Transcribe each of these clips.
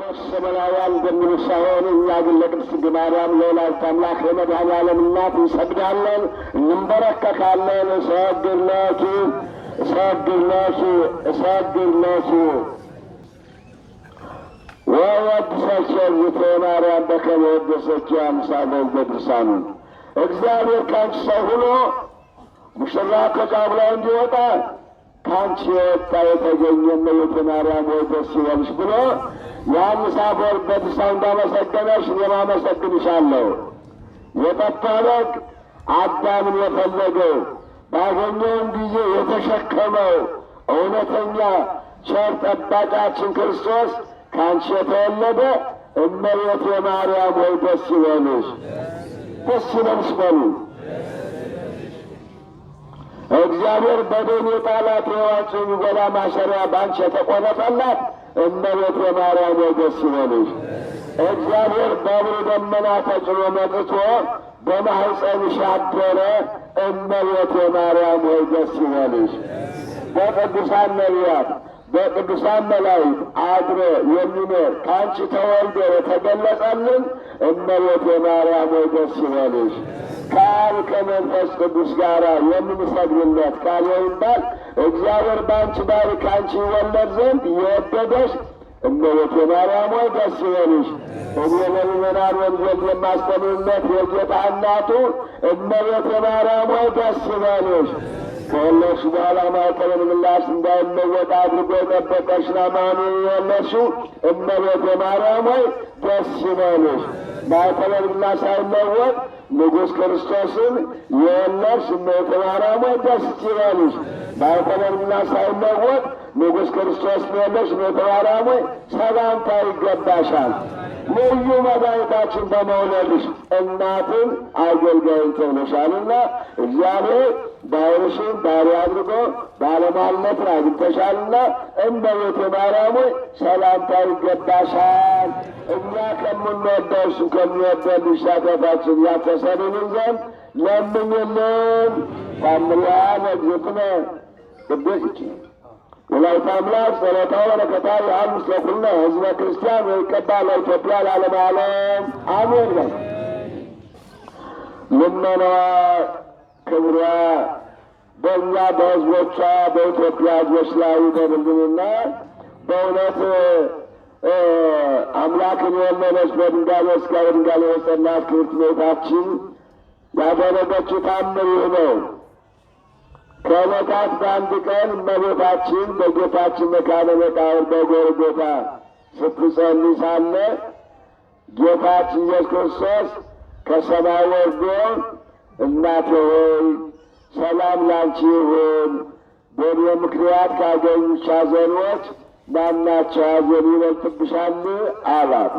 ጳውሎስ ሰሞናውያን እንደሚሉ ሳይሆን እኛ ግን ለቅድስት ግማዳም ለወላዲተ አምላክ ለመድኃኔ እናት እንሰግዳለን፣ እንበረከካለን። እሰግድ ለኪ እሰግድ ለኪ እሰግድ ለኪ ወወድሰኪየ እግዝእትየ ማርያም በከመ ወደሰኪየ አምሳለ በድርሳኑ እግዚአብሔር ከአንቺ ሰው ሆኖ ሙሽራ ተቃብላ እንዲወጣ ከአንቺ የወጣ የተገኘ እመቤቴ ማርያም ወይ ደስ ይበልሽ ብሎ मुसाफ़िर बद सौंदा में सकते हैं सिनेमा में सकते निशालो ये तब तारक आत्मा में ये फल गए बागों दीजिए ये तो शक्खम हो ओने संज्ञा शर तब्बा için Kristus kan şeferledi, ümmeriyet ve Meryem oy bessi vermiş. Bessi vermiş benim. እግዚአብሔር በደን የጣላት የዋጭ ጎላ ማሸሪያ ባንቺ የተቆረጠላት እመቤት የማርያም ደስ ይበልሽ። እግዚአብሔር በብሩ ደመና ተጭኖ መጥቶ በማኅፀንሽ አደረ። እመቤት የማርያም ሆይ ደስ ይበልሽ። በቅዱሳን ነቢያት በቅዱሳን መላእክት አድሮ የሚኖር ከአንቺ ተወልዶ የተገለጸልን እመቤት የማርያም ሆይ ደስ ይበልሽ። ከአብ ከመንፈስ ቅዱስ ጋር የምንሰግድለት ቃል ይባል እግዚአብሔር በአንቺ ባሪክ አንቺ ይወለድ ዘንድ የወደደሽ እመቤቴ ማርያም ሆይ ደስ ይበልሽ። እኔ ለምእመናን ወንጌል የማስተምርነት የጌታ እናቱ እመቤቴ ማርያም ሆይ ደስ ይበልሽ። ከወለድሽ በኋላ ማኅፀንን ምላስ እንዳይመወጥ አድርጎ የጠበቀሽ ናማኑን የወለድሽው እመቤቴ ማርያም ሆይ ደስ ይበልሽ። ባይተበልና ሳይለወጥ ንጉሥ ክርስቶስን የወለድሽ እመቤተ ደስ ይበልሽ። ባይተበልና ሳይለወጥ ንጉሥ ክርስቶስ የወለድሽ እመቤተ ሰላምታ ይገባሻል። ልዩ መድኃኒታችን በመውለድሽ እናትን አገልጋይን ተብለሻልና እግዚአብሔር ባይርሽን ባሪያ አድርጎ ባለሟልነትን አግኝተሻልና እንደ ቤተ ማርያም ሰላምታ ይገባሻል። እኛ ከምንወደው እሱ ከሚወደን ሊሳተፋችን ያተሰብንን ዘንድ ለምኝልን። ታምሪያ ነግዝትነ ቅዱስ ወላዲተ አምላክ ጸሎታ በረከታ ዮሐንስ ለኩልነ ህዝበ ክርስቲያን ወይቀባ ለኢትዮጵያ ለዓለመ ዓለም አሜን። ልመናዋ ክብሯ በእኛ በህዝቦቿ በኢትዮጵያ ህዝቦች ላይ ይደርብንና በእውነት አምላክን የወለደች በድንጋሌ ስጋ በድንጋሌ የጸናት ክብርት ቤታችን ያደረገችው ታምር ይህ ነው። ከዕለታት በአንድ ቀን እመቤታችን በጌታችን መካነ መቃብር በጎልጎታ ስትጸልይ ሳለ ጌታችን ኢየሱስ ክርስቶስ ከሰማይ ወርዶ እናቴ ሆይ ሰላም ላንቺ ይሁን። በእኔ ምክንያት ካገኙሽ ሐዘኖች ማናቸው ሐዘን ይበልጥብሻል አላት።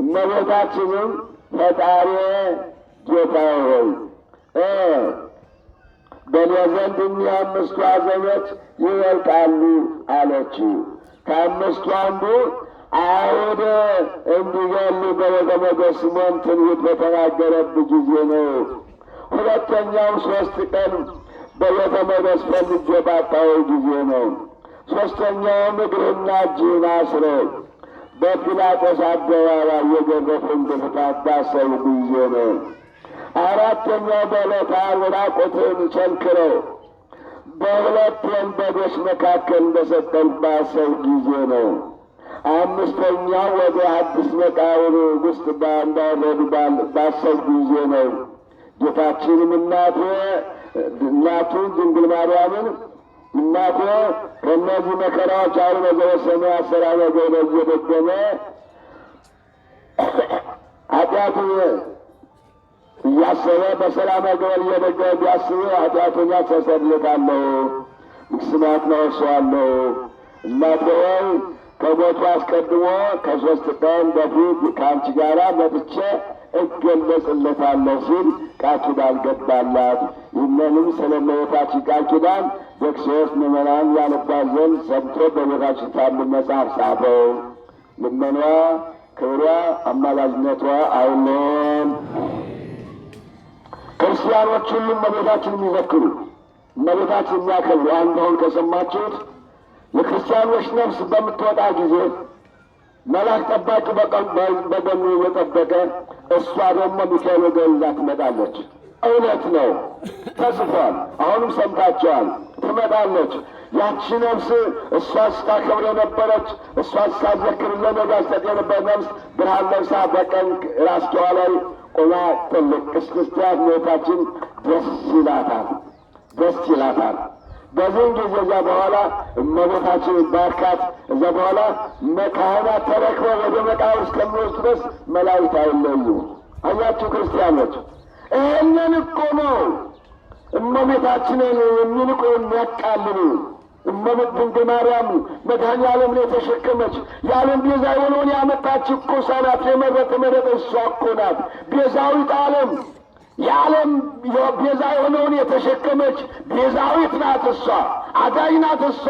እመቤታችንም ፈጣሪ ጌታ ሆይ በእኔ ዘንድ እኒህ አምስቱ ሐዘኖች ይበልጣሉ አለች። ከአምስቱ አንዱ አይሁድ እንዲገሉ በደቀ መዝሙር ስምዖን ትንቢት በተናገረብ ጊዜ ነው። ሁለተኛው ሶስት ቀን በቤተ መቅደስ ፈልጌ ባጣሁህ ጊዜ ነው። ሦስተኛውም እግርህና እጅህን አስረው በጲላጦስ አደባባይ የገረፉን ጥፍታት ባሰቡ ጊዜ ነው። አራተኛው በዕለተ ዓርብ ራቁትህን ቸንክረው በሁለት ወንበዶች መካከል እንደሰቀል ባሰቡ ጊዜ ነው። አምስተኛው ወደ አዲስ መቃብር ውስጥ እንዳይረዱ ባሰቡ ጊዜ ነው። ጌታችንም እናቴ እናቱ ድንግል ማርያምን እናቴ ከእነዚህ መከራዎች አሁን በዘወሰኑ አሰራ ነገር በየደገመ ኃጢአቱን እያሰበ በሰላም ነገር እየደገመ ቢያስበ ኃጢአቱን ያሰሰልታለሁ፣ ምክስማት ነወሰዋለሁ። እናቴ ወይ ከሞቱ አስቀድሞ ከሶስት ቀን በፊት ከአንቺ ጋራ መጥቼ እገለጽለታለሁ ሲል ቃል ኪዳን ገባላት። ይህንንም ስለ እመቤታችን ቃል ኪዳን ዘክሶስ ምዕመናን ያነባት ዘንድ ሰምቶ በቤታችን ታሉ መጽሐፍ ጻፈው። ልመኗ፣ ክብሯ፣ አማላጅነቷ አይለን። ክርስቲያኖች ሁሉም እመቤታችን የሚዘክሩ እመቤታችን የሚያከብሩ አንድ አሁን ከሰማችሁት የክርስቲያኖች ነፍስ በምትወጣ ጊዜ መልአክ ጠባቂ በጎኑ እየጠበቀ እሷ ደግሞ ሚካኤል ወገን ይዛ ትመጣለች። እውነት ነው ተጽፏል። አሁንም ሰምታችኋል። ትመጣለች። ያቺ ነፍስ እሷ ስታከብር የነበረች እሷ ስታዘክር ለነጋስ ተጥ የነበረ ነፍስ ብርሃን ለብሳ በቀን ራስጌዋ ላይ ቆማ ትልቅ ቅስቅስቲያት ሞታችን ደስ ይላታል፣ ደስ ይላታል። በዚህን ጊዜ እዛ በኋላ እመቤታችን ባርካት። እዛ በኋላ ካህናት ተረክበ ወደ መቃብር እስከሚወስዱ ድረስ መላእክት አይለዩ። አያችሁ ክርስቲያኖች፣ ይህንን እኮ ነው እመቤታችንን የሚንቁ የሚያቃልሉ እመቤት ድንግል ማርያም መድኃኔ ዓለምን የተሸከመች የዓለም ቤዛ የሆነውን ያመጣች እኮ ሳናት የመረጥ መረጥ እሷ እኮ ናት ቤዛዊት ዓለም የዓለም ቤዛ የሆነውን የተሸከመች ቤዛዊት ናት እሷ፣ አዳኝ ናት እሷ።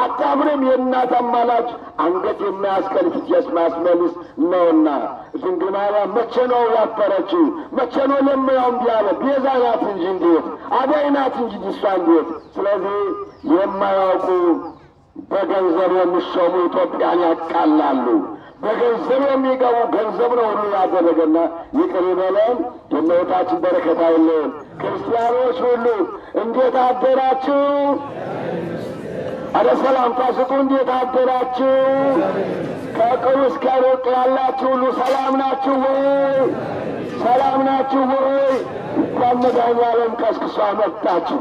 አታፍርም የእናት አማላጅ አንገት የማያስቀል ፊትየስ ማያስመልስ ነውና ድንግል ማርያም መቼ ነው ያፈረችው? መቼ ነው ለመያውም ቢያለ ቤዛ ናት እንጂ እንዴት አዳኝ ናት እንጂ እሷ እንዴት። ስለዚህ የማያውቁ በገንዘብ የሚሾሙ ኢትዮጵያን ያቃላሉ። በገንዘብ የሚገቡ ገንዘብ ነው ሁሉ ያደረገና ይቅር ይበለን። የእመቤታችን በረከት አይለየን። ክርስቲያኖች ሁሉ እንዴት አደራችሁ? አደ ሰላምታ ስጡ። እንዴት አደራችሁ? ከቅርብ እስከ ሩቅ ያላችሁ ሁሉ ሰላም ናችሁ ወይ? ሰላም ናችሁ ወይ? እንኳን መድኃኔ ዓለም ቀስቅሶ አመጣችሁ።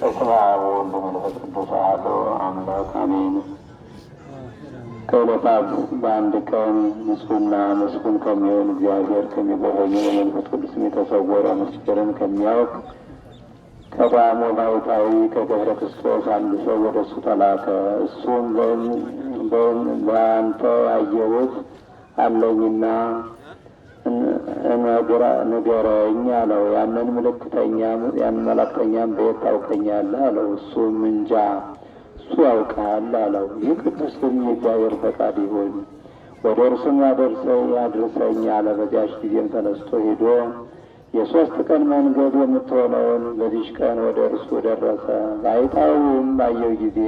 በስመ አብ ወወልድ ወመንፈስ ቅዱስ አሐዱ አምላክ አሜን። ከዕለታት በአንድ ቀን ንጹሕና መስኩን ከሚሆን እግዚአብሔር ከሚጎበኙ በመንፈስ ቅዱስም የተሰወረ ምስጢርን ከሚያውቅ ከዳሞ ዳዊታዊ ከገብረ ክርስቶስ አንድ ሰው ወደ እሱ ተላከ። እሱም በአንተ አየሁት አለኝና ንገረኝ አለው። ያንን ምልክተኛም ያን መላክተኛም በየት ታውቀኛለህ አለው። እሱም እንጃ እሱ ያውቃል አለው። ይህ ቅዱስም የእግዚአብሔር ፈቃድ ይሁን ወደ እርሱም ያደርሰኝ ያድርሰኝ አለ። በዚያች ጊዜም ተነስቶ ሄዶ የሦስት ቀን መንገድ የምትሆነውን በዚች ቀን ወደ እርሱ ደረሰ። ባይታውም ባየው ጊዜ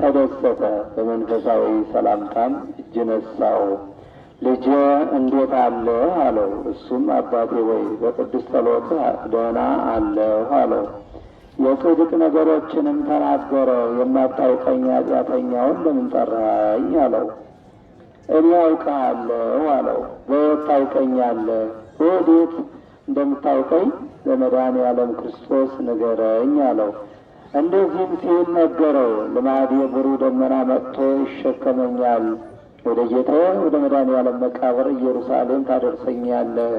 ተደሰተ። በመንፈሳዊ ሰላምታም እጅ ነሳው። ልጄ እንዴት አለ አለው። እሱም አባቴ ወይ በቅዱስ ጸሎት ደህና አለሁ አለው። የጽድቅ ነገሮችንም ተናገረ። የማታውቀኝ ኃጢአተኛውን ለምን ጠራኝ አለው። እኔ አውቃለሁ አለው። በየት ታውቀኛለህ? ወዴት እንደምታውቀኝ በመድኃኔ ክርስቶስ ንገረኝ አለው። እንደዚህም ሲል ነገረው። ልማድ የብሩ ደመና መጥቶ ይሸከመኛል፣ ወደ ጌታ ወደ መድኃኔ ዓለም መቃብር ኢየሩሳሌም ታደርሰኛለህ፣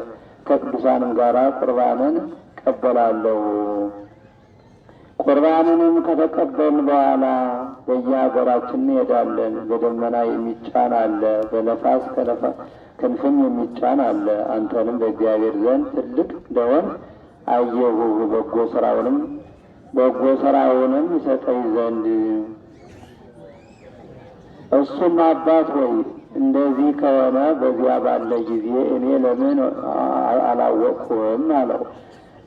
ከቅዱሳንም ጋር ቁርባንን ቀበላለሁ ቁርባንንም ከተቀበልን በኋላ በየሀገራችን እንሄዳለን። በደመና የሚጫን አለ፣ በነፋስ ክንፍም የሚጫን አለ። አንተንም በእግዚአብሔር ዘንድ ትልቅ እንደሆን አየሁ። በጎ ስራውንም በጎ ስራውንም ይሰጠኝ ዘንድ እሱም አባት ሆይ እንደዚህ ከሆነ በዚያ ባለ ጊዜ እኔ ለምን አላወቅሁም አለው።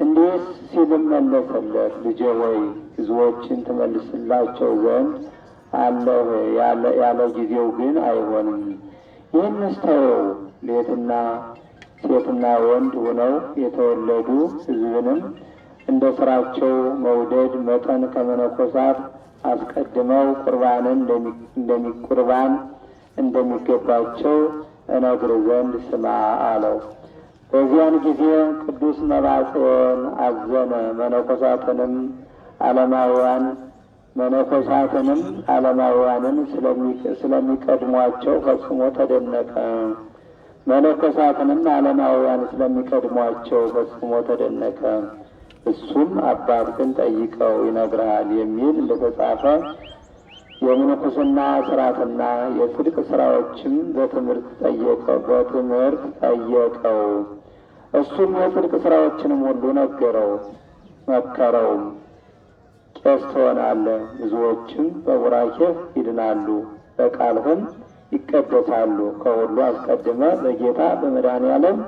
እንዲህ ሲልም መለሰለት፣ ልጄ ወይ ህዝቦችን ትመልስላቸው ዘንድ አለህ ያለ ጊዜው ግን አይሆንም። ይህን ስተወው ሌትና ሴትና ወንድ ሆነው የተወለዱ ህዝብንም እንደ ስራቸው መውደድ መጠን ከመነኮሳት አስቀድመው ቁርባንን እንደሚቁርባን እንደሚገባቸው እነግር ዘንድ ስማ አለው። በዚያን ጊዜ ቅዱስ መባጽዮን አዘነ። መነኮሳትንም አለማውያን መነኮሳትንም አለማውያንን ስለሚቀድሟቸው ፈጽሞ ተደነቀ። መነኮሳትንም አለማውያን ስለሚቀድሟቸው ፈጽሞ ተደነቀ። እሱም አባትን ጠይቀው ይነግርሃል የሚል እንደተጻፈ የምንኩስና ስርዓትና የጽድቅ ስራዎችም በትምህርት ጠየቀው በትምህርት ጠየቀው። እሱም የጽድቅ ስራዎችንም ሁሉ ነገረው መከረውም። ቄስ ትሆናለህ፣ ብዙዎችም በቡራኬህ ይድናሉ፣ በቃልህም ይቀደሳሉ። ከሁሉ አስቀድመ በጌታ በመድኃኔ ዓለም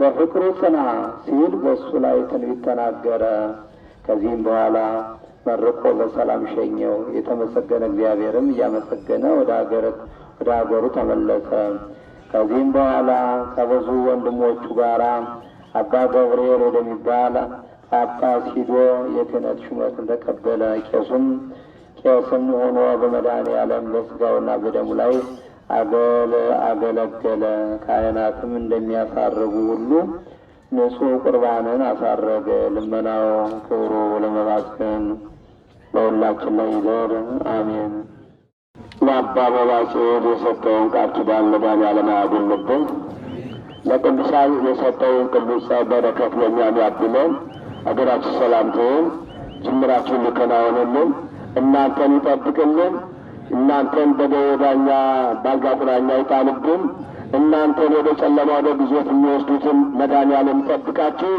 በፍቅሩ ጽና ሲል በእሱ ላይ ትንቢት ተናገረ። ከዚህም በኋላ መርቆ በሰላም ሸኘው። የተመሰገነ እግዚአብሔርም እያመሰገነ ወደ ሀገሩ ተመለሰ። ከዚህም በኋላ ከብዙ ወንድሞቹ ጋር አባ ገብርኤል ወደሚባል ጳጳስ ሂዶ የክህነት ሹመትን ተቀበለ። ቄሱም ቄስም ሆኖ በመድኃኔዓለም በሥጋውና በደሙ ላይ አገለ አገለገለ። ካህናትም እንደሚያሳርጉ ሁሉ ንጹሕ ቁርባንን አሳረገ። ልመናው ክብሩ ለመባስን በሁላችን ላይ ይዘር አሜን። ለአባ መባጽሔ የሰጠውን ቃል ኪዳን ለመድኃኔዓለም ያድርግልን። ለቅዱሳን የሰጠውን ቅዱስ በረከት ለእኛም ያብለን አገራችን ሰላም ትሁን። ጅምራችን ሊከናወንልን እናንተን ይጠብቅልን። እናንተን በደወዳኛ ባልጋጥናኛ ይጣልብን። እናንተን ወደ ጨለማ ወደ ግዞት የሚወስዱትን መድኃኔዓለም ይጠብቃችሁ።